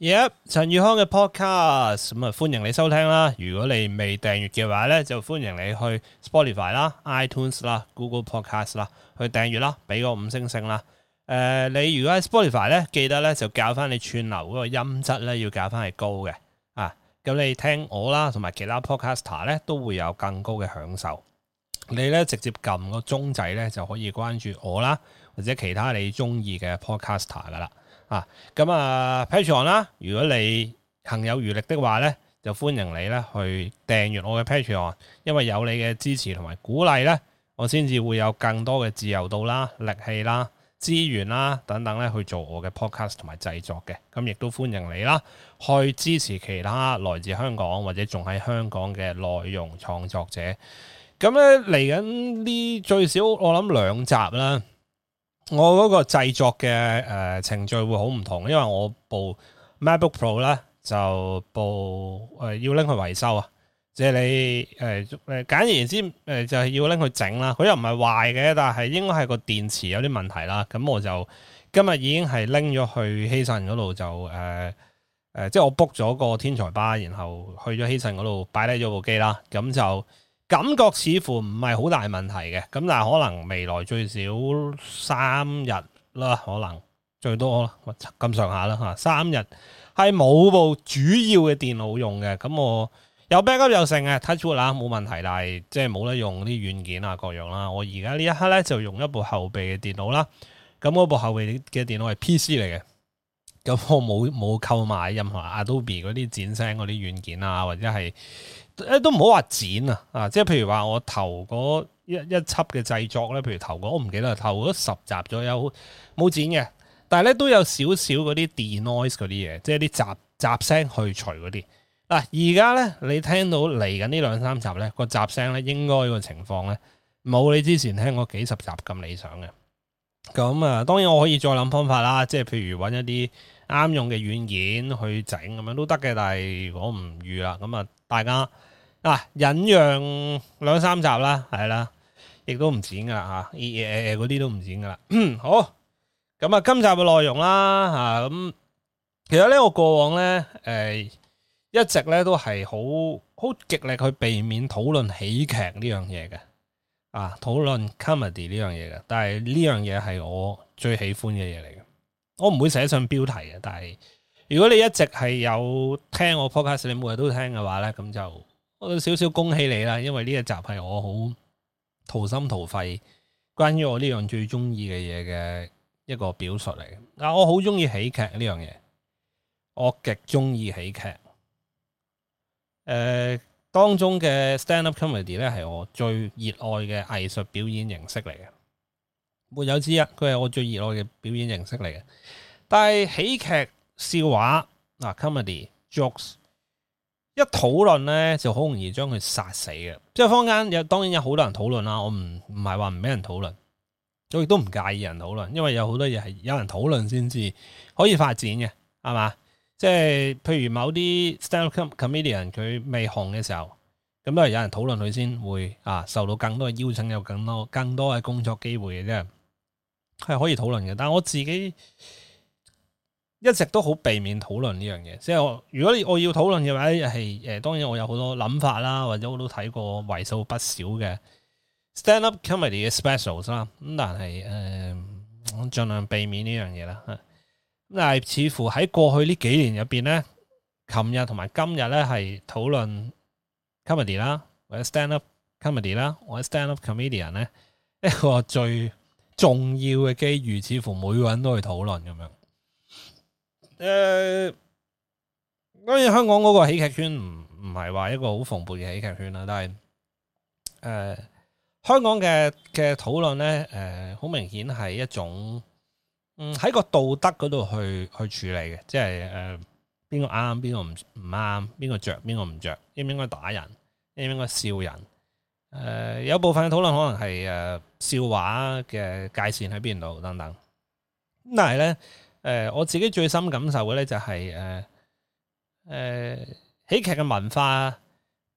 耶！陳宇康嘅 podcast，咁啊歡迎你收聽啦。如果你未訂閱嘅話咧，就歡迎你去 Spotify 啦、iTunes 啦、Google Podcast 啦，去訂閱啦，俾個五星星啦。誒、呃，你如果喺 Spotify 咧，記得咧就搞返你串流嗰個音質咧，要搞返係高嘅啊。咁你聽我啦，同埋其他 podcaster 咧都會有更高嘅享受。你咧直接撳個鐘仔咧就可以關注我啦，或者其他你中意嘅 podcaster 噶啦。啊，咁啊 Patreon 啦，如果你行有餘力的話咧，就歡迎你咧去訂閱我嘅 Patreon，因為有你嘅支持同埋鼓勵咧，我先至會有更多嘅自由度啦、力氣啦、資源啦等等咧去做我嘅 podcast 同埋製作嘅。咁亦都歡迎你啦，去支持其他來自香港或者仲喺香港嘅內容創作者。咁咧嚟緊呢最少我諗兩集啦。我嗰個製作嘅誒程序會好唔同，因為我部 MacBook Pro 咧就部誒、呃、要拎去維修啊，即、就、係、是、你誒誒、呃、簡而言之誒、呃、就係要拎去整啦。佢又唔係壞嘅，但係應該係個電池有啲問題啦。咁我就今日已經係拎咗去希慎嗰度就誒誒，即、呃、係、呃就是、我 book 咗個天才吧，然後去咗希慎嗰度擺低咗部機啦。咁就。感覺似乎唔係好大問題嘅，咁但係可能未來最少三日啦，可能最多咁上下啦吓，三日係冇部主要嘅電腦用嘅，咁我有 backup 又成啊，TouchWood 啊冇問題，但係即係冇得用啲軟件啊各樣啦。我而家呢一刻咧就用一部後備嘅電腦啦，咁嗰部後備嘅電腦係 PC 嚟嘅，咁我冇冇購買任何 Adobe 嗰啲剪聲嗰啲軟件啊，或者係。誒都唔好話剪啊！啊，即係譬如話我頭嗰一一輯嘅製作咧，譬如頭嗰我唔記得，頭嗰十集左右冇剪嘅？但係咧都有少少嗰啲 de noise 嗰啲嘢，即係啲雜雜聲去除嗰啲。嗱、啊，而家咧你聽到嚟緊呢兩三集咧，個雜聲咧應該個情況咧冇你之前聽過幾十集咁理想嘅。咁啊，當然我可以再諗方法啦，即係譬如揾一啲啱用嘅軟件去整咁樣都得嘅，但係我唔預啊咁啊，大家。嗱，忍讓、啊、兩三集啦，係啦，亦都唔剪噶啦嚇，而誒誒嗰啲都唔剪噶啦、嗯。好，咁啊，今集嘅內容啦嚇，咁、啊、其實呢個過往咧，誒、欸、一直咧都係好好極力去避免討論喜劇呢樣嘢嘅，啊討論 comedy 呢樣嘢嘅，但係呢樣嘢係我最喜歡嘅嘢嚟嘅，我唔會寫上標題嘅。但係如果你一直係有聽我 podcast，你每日都聽嘅話咧，咁就。我有少少恭喜你啦，因為呢一集係我好掏心掏肺，關於我呢樣最中意嘅嘢嘅一個表述嚟。嗱，我好中意喜劇呢樣嘢，我極中意喜劇。誒，當中嘅 stand up comedy 咧係我最熱愛嘅藝術表演形式嚟嘅，沒有之一。佢係我最熱愛嘅表演形式嚟嘅。但係喜劇笑話嗱、啊，comedy jokes。一討論咧就好容易將佢殺死嘅，即係坊間有當然有好多人討論啦，我唔唔係話唔俾人討論，我亦都唔介意人討論，因為有好多嘢係有人討論先至可以發展嘅，係嘛？即係譬如某啲 stand-up comedian 佢未紅嘅時候，咁都係有人討論佢先會啊受到更多嘅邀請，有更多更多嘅工作機會嘅啫，係可以討論嘅。但我自己。一直都好避免討論呢樣嘢，即係我如果我要討論嘅話，係誒、呃、當然我有好多諗法啦，或者我都睇過為數不少嘅 stand up comedy 嘅 specials 啦，咁但係誒我盡量避免呢樣嘢啦。咁但係似乎喺過去呢幾年入邊咧，琴日同埋今日咧係討論 comedy 啦，或者 stand up comedy 啦，或者 stand up comedian 咧一個最重要嘅機遇，似乎每個人都去討論咁樣。誒，當然、呃、香港嗰個喜劇圈唔唔係話一個好蓬勃嘅喜劇圈啦，但係誒、呃、香港嘅嘅討論咧，誒好、呃、明顯係一種，嗯喺個道德嗰度去去處理嘅，即係誒邊個啱邊個唔唔啱，邊個着邊個唔着，應唔應該打人，應唔應該笑人，誒、呃、有部分嘅討論可能係誒、呃、笑話嘅界線喺邊度等等，但係咧。誒、呃，我自己最深感受嘅咧就係誒誒喜劇嘅文化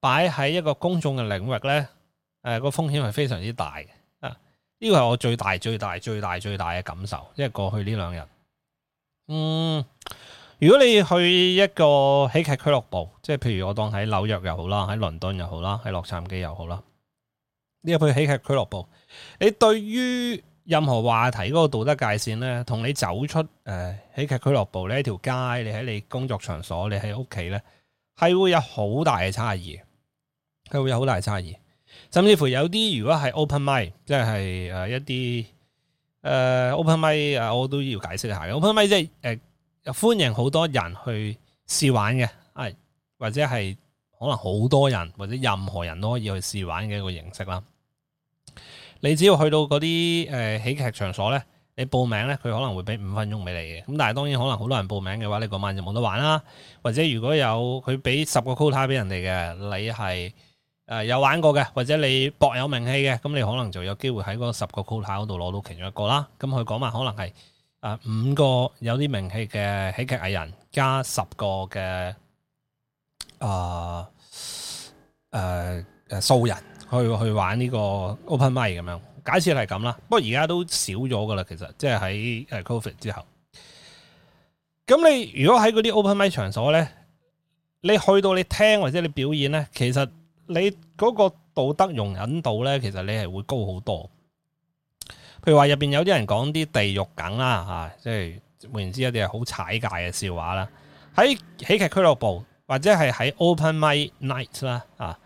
擺喺一個公眾嘅領域咧，誒、呃、個風險係非常之大嘅。啊，呢、這個係我最大、最大、最大、最大嘅感受，因為過去呢兩日。嗯，如果你去一個喜劇俱樂部，即係譬如我當喺紐約又好啦，喺倫敦又好啦，喺洛杉磯又好啦，你入去喜劇俱樂部，你對於，任何話題嗰個道德界線咧，同你走出誒喜劇俱樂部，你喺條街，你喺你工作場所，你喺屋企咧，係會有好大嘅差異。係會有好大嘅差異，甚至乎有啲如果係 open mic，即係誒一啲誒、呃、open mic，我都要解釋下嘅 open mic 即係誒歡迎好多人去試玩嘅，係或者係可能好多人或者任何人都可以去試玩嘅一個形式啦。你只要去到嗰啲誒喜劇場所咧，你報名咧，佢可能會俾五分鐘俾你嘅。咁但係當然可能好多人報名嘅話，你嗰晚就冇得玩啦。或者如果有佢俾十個 quota 俾人哋嘅，你係誒、呃、有玩過嘅，或者你博有名氣嘅，咁你可能就有機會喺嗰十個 quota 嗰度攞到其中一個啦。咁佢講話可能係誒、呃、五個有啲名氣嘅喜劇藝人加十個嘅誒誒誒素人。去去玩呢個 open mic 咁樣，假設係咁啦。不過而家都少咗噶啦，其實即係喺誒 covid 之後。咁你如果喺嗰啲 open mic 場所咧，你去到你聽或者你表演咧，其實你嗰個道德容忍度咧，其實你係會高好多。譬如話入邊有啲人講啲地獄梗啦，嚇、啊，即係換言之，一啲係好踩界嘅笑話啦。喺喜劇俱樂部或者係喺 open mic night 啦，啊。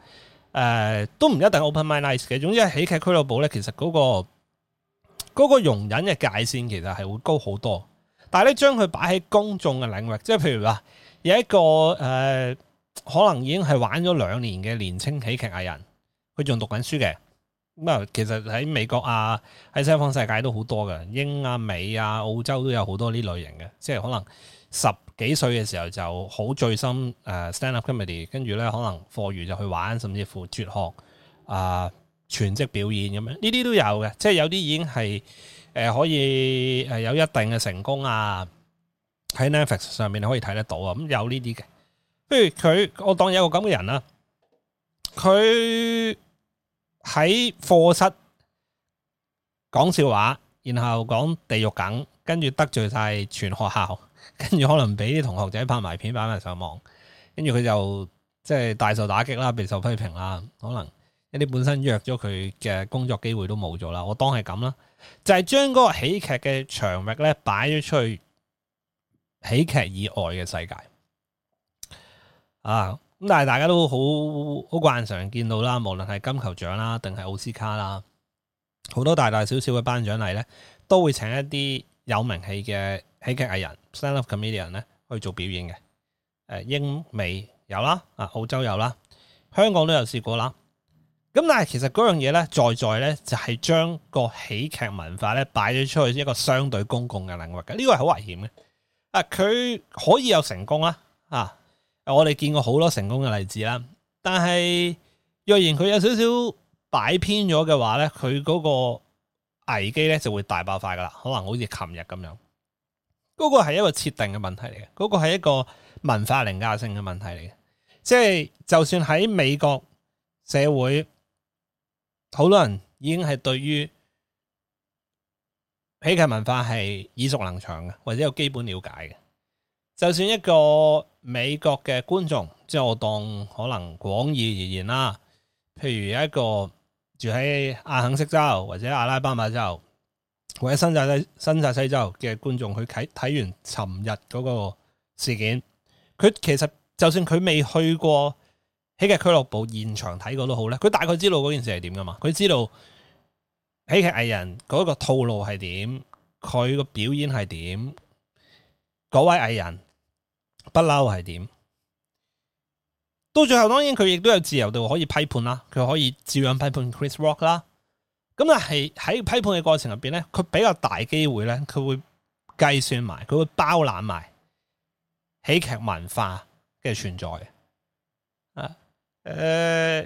誒、呃、都唔一定 open mindness 嘅，總之係喜劇俱樂部咧，其實嗰個嗰個容忍嘅界線其實係會高好多。但係咧，將佢擺喺公眾嘅領域，即係譬如話有一個誒、呃，可能已經係玩咗兩年嘅年輕喜劇藝人，佢仲讀緊書嘅。咁啊，其實喺美國啊，喺西方世界都好多嘅，英啊、美啊、澳洲都有好多呢類型嘅，即係可能十幾歲嘅時候就好醉心 stand up comedy，跟住咧可能課餘就去玩，甚至乎絕學啊、呃、全職表演咁樣，呢啲都有嘅，即係有啲已經係、呃、可以有一定嘅成功啊，喺 Netflix 上面你可以睇得到啊，咁有呢啲嘅。譬如佢，我當有個咁嘅人啦，佢喺課室講笑話，然後講地獄梗。跟住得罪晒全學校，跟住可能俾啲同學仔拍埋片，擺埋上網，跟住佢就即係大受打擊啦，備受批評啦，可能一啲本身約咗佢嘅工作機會都冇咗啦。我當係咁啦，就係、是、將嗰個喜劇嘅場域咧擺咗出去，喜劇以外嘅世界啊！咁但係大家都好好慣常見到啦，無論係金球獎啦，定係奧斯卡啦，好多大大小小嘅頒獎禮咧，都會請一啲。有名氣嘅喜劇藝人 stand-up comedian 咧，去做表演嘅，誒，英美有啦，啊，澳洲有啦，香港都有試過啦。咁但係其實嗰樣嘢咧，在在咧就係將個喜劇文化咧擺咗出去一個相對公共嘅領域嘅，呢個係好危險嘅。啊，佢可以有成功啦，啊，我哋見過好多成功嘅例子啦。但係若然佢有少少擺偏咗嘅話咧，佢嗰個。危機咧就會大爆發噶啦，可能好似琴日咁樣，嗰、那個係一個設定嘅問題嚟嘅，嗰、那個係一個文化凌駕性嘅問題嚟嘅，即係就算喺美國社會，好多人已經係對於喜劇文化係耳熟能詳嘅，或者有基本了解嘅，就算一個美國嘅觀眾，即係我當可能廣義而言啦，譬如一個。住喺阿肯色州或者阿拉巴馬州或者新澤西新澤西州嘅觀眾，佢睇睇完尋日嗰個事件，佢其實就算佢未去過喜劇俱樂部現場睇過都好咧，佢大概知道嗰件事係點噶嘛，佢知道喜劇藝人嗰個套路係點，佢個表演係點，嗰位藝人不嬲係點。到最後當然佢亦都有自由度可以批判啦，佢可以照樣批判 Chris Rock 啦。咁啊，係喺批判嘅過程入邊咧，佢比較大機會咧，佢會計算埋，佢會包攬埋喜劇文化嘅存在啊，誒、呃，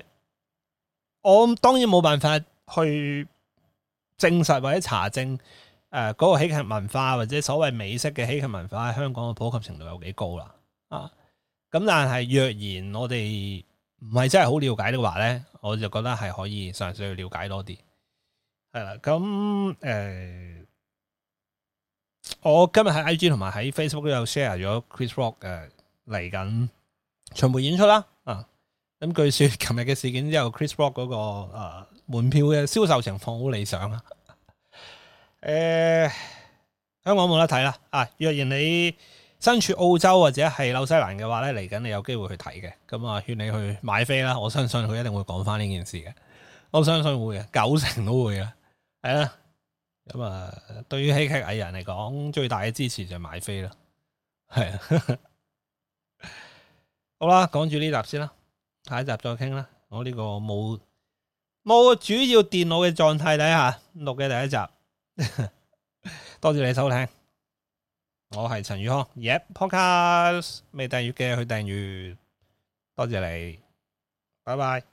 我當然冇辦法去證實或者查證誒嗰、呃嗰個喜劇文化或者所謂美式嘅喜劇文化喺香港嘅普及程度有幾高啦。啊！咁但係若然我哋唔係真係好了解的話咧，我就覺得係可以嘗試去了解多啲，係啦。咁誒、呃，我今日喺 I G 同埋喺 Facebook 都有 share 咗 Chris Rock 誒嚟緊巡迴演出啦。啊，咁據說琴日嘅事件之後，Chris Rock 嗰、嗰個誒、呃、門票嘅銷售情況好理想啊。誒、 呃，香港冇得睇啦。啊，若然你。身處澳洲或者係紐西蘭嘅話咧，嚟緊你有機會去睇嘅，咁啊，勸你去買飛啦！我相信佢一定會講翻呢件事嘅，我相信會嘅，九成都會嘅，係啦。咁啊，對於喜劇藝人嚟講，最大嘅支持就係買飛啦，係啊。 好啦，講住呢集先啦，下一集再傾啦。我呢個冇冇主要電腦嘅狀態底下錄嘅第一集，多謝你收聽。我係陳宇康，Yep Podcast，未訂閱嘅去訂閱，多謝你，拜拜。